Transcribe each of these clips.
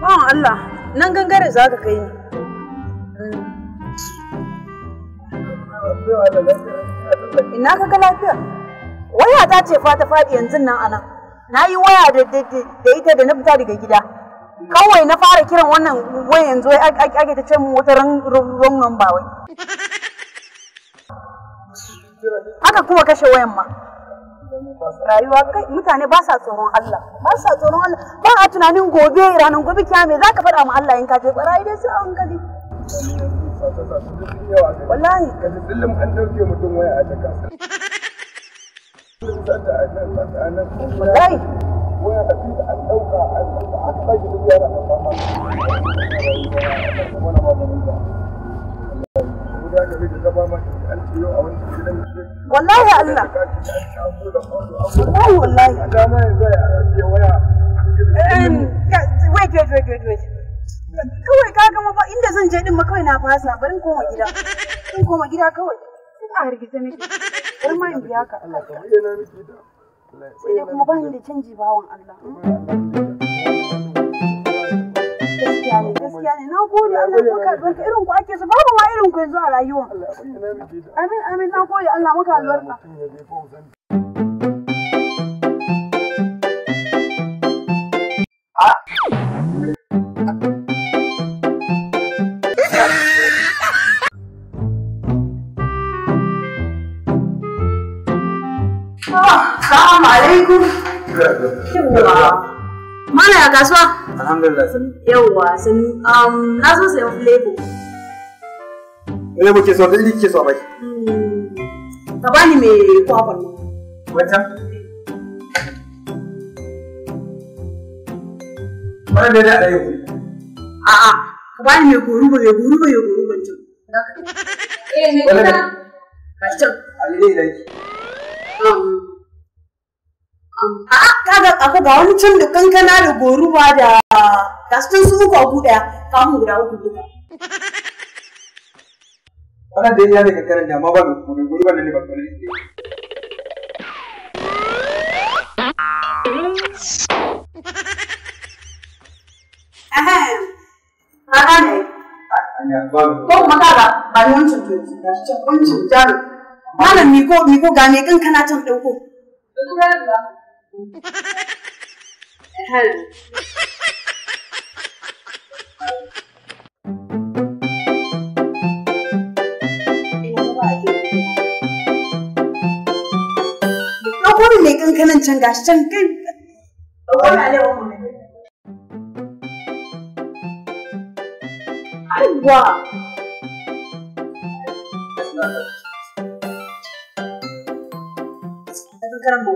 Bawan Allah, nan gangare za ka kai ni. Ina ka ga lafiya? Waya ta ce fa ta faɗi yanzu nan a nan. Na yi waya da ita da na fita daga gida. Kawai na fara kiran wannan wai yanzu wai ake ta ce mu wata wrong ba wai. Haka kuma kashe wayan ma. rayuwa kai mutane ba sa tsoron Allah ba sa tsoron Allah ba a tunanin gobe ranar gobe kiyame za ka faɗa ma Allah in ka je barayi dai sai an gadi wallahi ka ji dillim an dauke mutum waya a ta kasa wallahi waya da fi an dauka an dauka an ba duk yara an ba ma wani ba da ba da ka bi da ba ma an ciyo a wani gidan wallahi Allah wallahi wallahi wait wait wait wait kawai ka gama ba inda zan je din ma kawai na fasa barin koma gida in koma gida kawai a hargitse ne bari ma in biya ka Allah sai kuma ba ni da canji bawan Allah hmm? gaskiya ne na gode Allah ya maka albarka irin ku ake su babu ma irin ku yanzu a rayuwa amin amin na gode Allah maka albarka ah! Assalamu alaikum. Yawwa. Mana ya kasuwa? Alhamdulillah sani. Yawwa sani. Um, na so sayan flavor. Flavor ke so, da ke so bai. Hmm, ka bani mai kwakwan. Wata? Mana da da ɗaya A a, ka bani me goro ba, mai goro ba, mai goro ba eh, can. Eh, me goro. Ka can. Alilai da ki. Um, um, a'a, ga kafa ga wani can da kankana da goruba da gaskin su uku a guda kamun guda uku duka wannan da ya ne kankanan da amma ba da kuma goruba da ne ba kuma ne Ahem, haka ne. Ko kuma kaga ba ni wancan to ga shi can wancan Malam miko miko ga me kankana can ɗauko. Hello. Ɗauko ne kankanan can gashi can kai. Ɗauko na lewa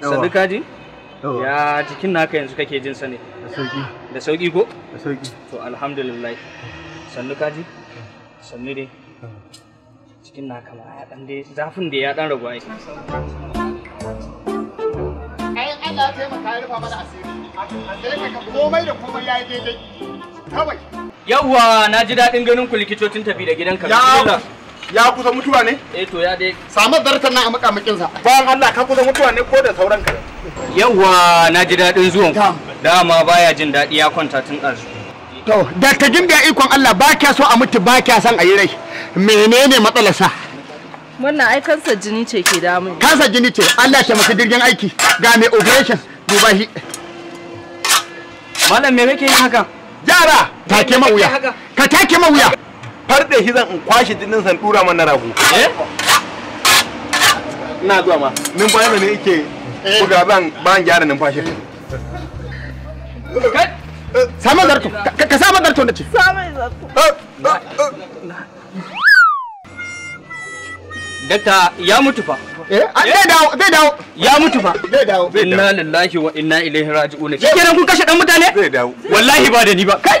Sadu kaji? Ya cikin naka yanzu kake jin sa ne. Da sauki. Da sauki ko? Da sauki. To alhamdulillah. Sannu kaji? Sannu dai. cikin naka ma ya dan dai zafin da ya dan ragu ai. Ai Allah ya taimaka ya rufa mana asiri. Asiri ka komai da komai yayi daidai. Kawai. Yawwa, na ji daɗin ganin ku likitocin tafi da gidanka. Yawwa. ya kusa mutuwa ne eh to ya dai samu zartar nan a makamakin sa bayan Allah ka kusa mutuwa ne ko da sauran ka yawwa na ji dadin zuwan ku dama baya jin dadi ya kwanta tun ɗazu to da ta jin ikon Allah ba kya so a mutu ba kya san a yi rai menene matsalar sa wannan ai kansa jini ce ke damun kansa jini ce Allah ta maka dirgin aiki ga mai operation duba shi malam me kake yi haka yara take ma wuya ka take ma wuya marɗe shi zan in kwashe san dura mana rago eh? ina zuwa ma numfashi ne yake eh. buga ban gyara numfashi samun zarto ka samun zarto da ce samun zarto eh, dakta ya mutu fa ah, zai dawo zai dawo ya mutu fa zai dawo inna lillahi wa inna ilaihi raji'un kenan kun kashe dan mutane zai dawo wallahi ba da ni ba kai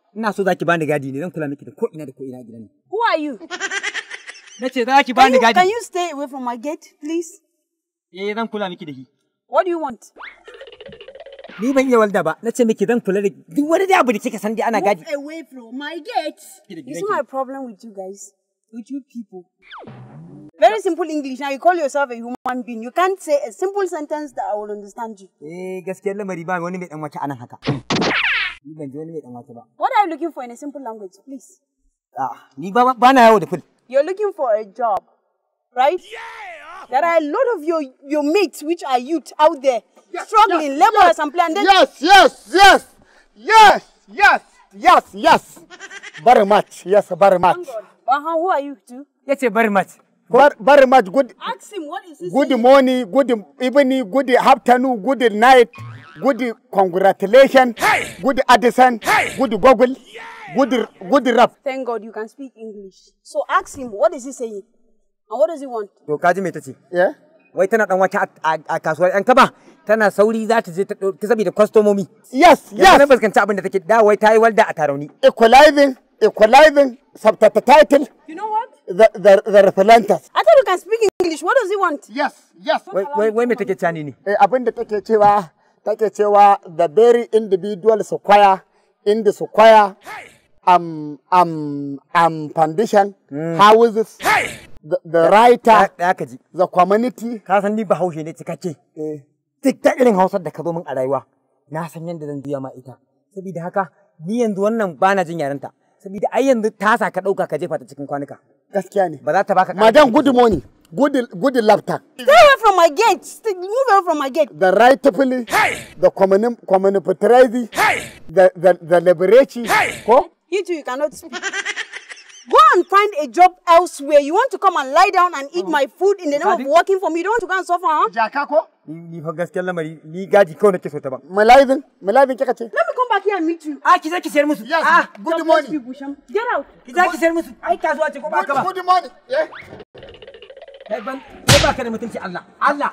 Ina so za ki bani gadi ne zan kula miki da ko ina da ko ina gidan. Who are you? Na ce za ki bani gadi. Can you stay away from my gate please? Eh zan kula miki da shi. What do you want? Ni ban iya walda ba, na ce miki zan kula da duk wani da abu da kika san dai ana gadi. Move away from my gate. It's my problem with you guys, with you people. Very simple English. Now you call yourself a human being. You can't say a simple sentence that I will understand you. Eh gaskiyar lamari ba wani mai dan wata anan haka. What are you looking for in a simple language, please? Ah, ni ba bana na yawo You're looking for a job, right? Yeah. There are a lot of your your mates which are youth out there yes, struggling, yes, laborers yes, and planted. Yes, yes, yes. Yes, yes, yes, yes. very much. Yes, very much. Uh-huh, who are you too? Yes, very much. Bar, very much good. Ask him what is this? Good morning, good evening, good afternoon, good night. good congratulation hey! good Addison, hey! good Google, yeah! good, good rap. Thank God you can speak English. So ask him, what is he saying? And what does he want? To kaji mai tace. Yeah? Wai tana dan wake a kasuwar ‘yan kaba tana sauri za ta je ta saboda kwastomomi. Yes, yes. Yanzu na fuskanci abin da take da wai ta yi walda a tarauni. Equalizing, equalizing, subtitle. You know what? The, the, the I thought you can speak English. What does he want? Yes, yes. Wai me take cani ne? Eh, abin da take cewa take cewa the very individual square in the square um, um, um, foundation mm. houses hey! the, the writer the community ka san ni bahaushe ne cikakke eh. duk ta irin hausar da ka zo min a rayuwa na san yadda zan biya ma ita saboda haka ni yanzu wannan bana jin yaranta saboda ai yanzu tasa ka dauka ka jefa ta cikin kwanuka gaskiya ne ba za ta baka madan good morning Good, good laptop. Stay away from my gate. Stay, move away from my gate. The right people, hey. the common, common hey. the, the, the liberation. Hey. Go. You two, you cannot speak. Go and find a job elsewhere. You want to come and lie down and eat oh. my food in the name of working for me. You don't want to go and suffer, huh? Jaka ko? Ni fa gaskiyar lamari ni gaji kawai nake so ta ba. Malaizin, malaizin Let me come back here and meet you. Ah, ki zaki musu. Yes. Ah, good morning. Get out. Ki zaki sayar musu. Ai kasuwa ce ko ba Good morning. Yeah. kai ban kai ka da mutunci Allah Allah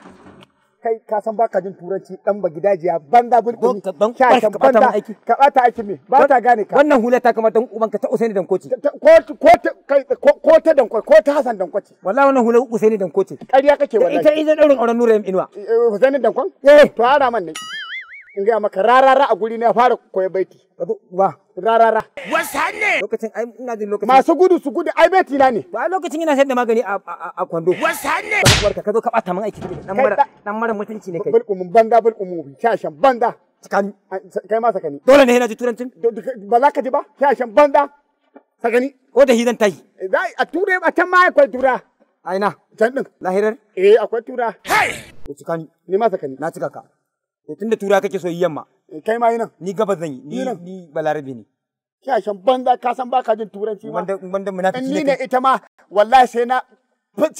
kai ka san ba ka jin turanci dan ba gidajiya da bulbuli ka ban ka bata aiki ka bata aiki me ba ta gane ka wannan hula ta kamar dan uban ka ta Usaini Dankoci ko ko ta kai ko ta Dankoci ko ta Hassan Dankoci wallahi wannan hula Usaini Dankoci ƙarya kake wallahi ita ita daurin auren Nura Inuwa eh, Usaini Dankon eh to ara man ne in ga maka rarara a guri na fara koyi baiti Ba, rarara. Wasu hanne. Lokacin ai ina jin lokacin. Masu gudu su gudu ai beti na ne. Ba lokacin ina sayar da magani a a kwando. Wasu hanne. Barkuwarka ka zo ka bata min aiki dan mara dan mara mutunci ne kai. Bulkumun banda bulkumun shashan banda. Sakani. Kai ma sakani. Dole ne ina ji turancin. Ba za ka ji ba? Shashan banda. Sakani. Ko da hidan tai. Dai a ture a can ma akwai tura. Aina. Can din. Lahirar. Eh akwai tura. Hai. Sakani. Ni ma sakani. Na cika ka. Tunda tura kake so yamma. Eh, kai ma yi nan ni gaba zan yi ni balarabe ne shan banza ka san baka jin turanci ma wanda munafiki ne ni ne ita ma wallahi sai na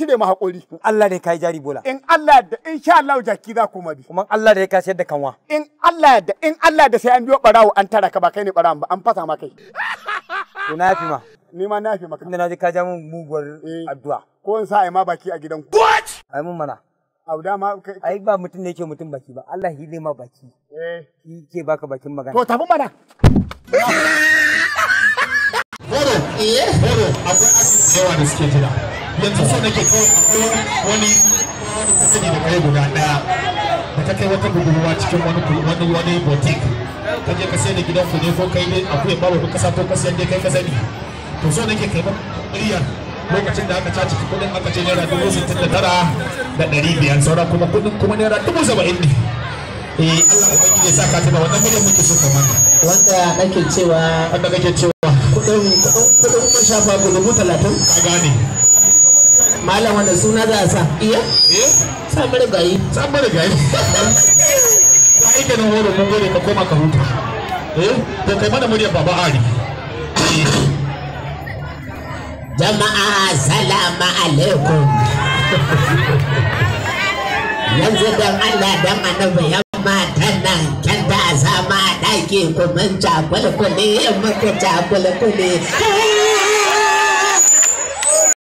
ne mu hakuri Allah ne kai jari bola in Allah da insha Allah jaki za ku mabi kuma Allah da ya kashe da kanwa in Allah da in Allah da sai an biyo barawo an tara ka ba kai ne barawo ba an fasa ma kai to na fi ma ni ma na fi maka inda na ji ka ja mun muguwar eh. addu'a ko in sa ai ma baki a gidan ku ai mun mana abu dama ai ba mutum ne yake mutum baki ba Allah shi zai ma baki eh yake baka bakin magana to tafi mana Boro, eh? Boro, akwai asibiti yawa da suke jira. Yanzu so nake kawai akwai wani wani kusuri da kare guda ɗaya da ta kai wata budurwa cikin wani wani wani boutique. Ka je ka sai da gidan ku ne ko kai ne akwai babu ka sa ko ka sayar dai kai ka sani. To so nake kai ba ƙuryar lokacin da aka caci kudin aka ce naira dubu sittin da tara da ɗari biyar sauran kuma kudin kuma naira dubu saba'in ne eh Allah ubangiji ya sa ka tuna wannan mutum muke so kamar wanda nake cewa wanda kake cewa kudin kudin kun shafa ku dubu talatin ka gane malam wanda suna za a sa iya eh sa mara gayi sa mara gayi ka ike nan horo mun gode ka koma ka huta eh to kai mana murya baba ari eh. jama'a salama alaikum yanzu don allah don annabi yan matan kyanta kyan da a sama a ɗaki ku mun cakulkule muku cakulkule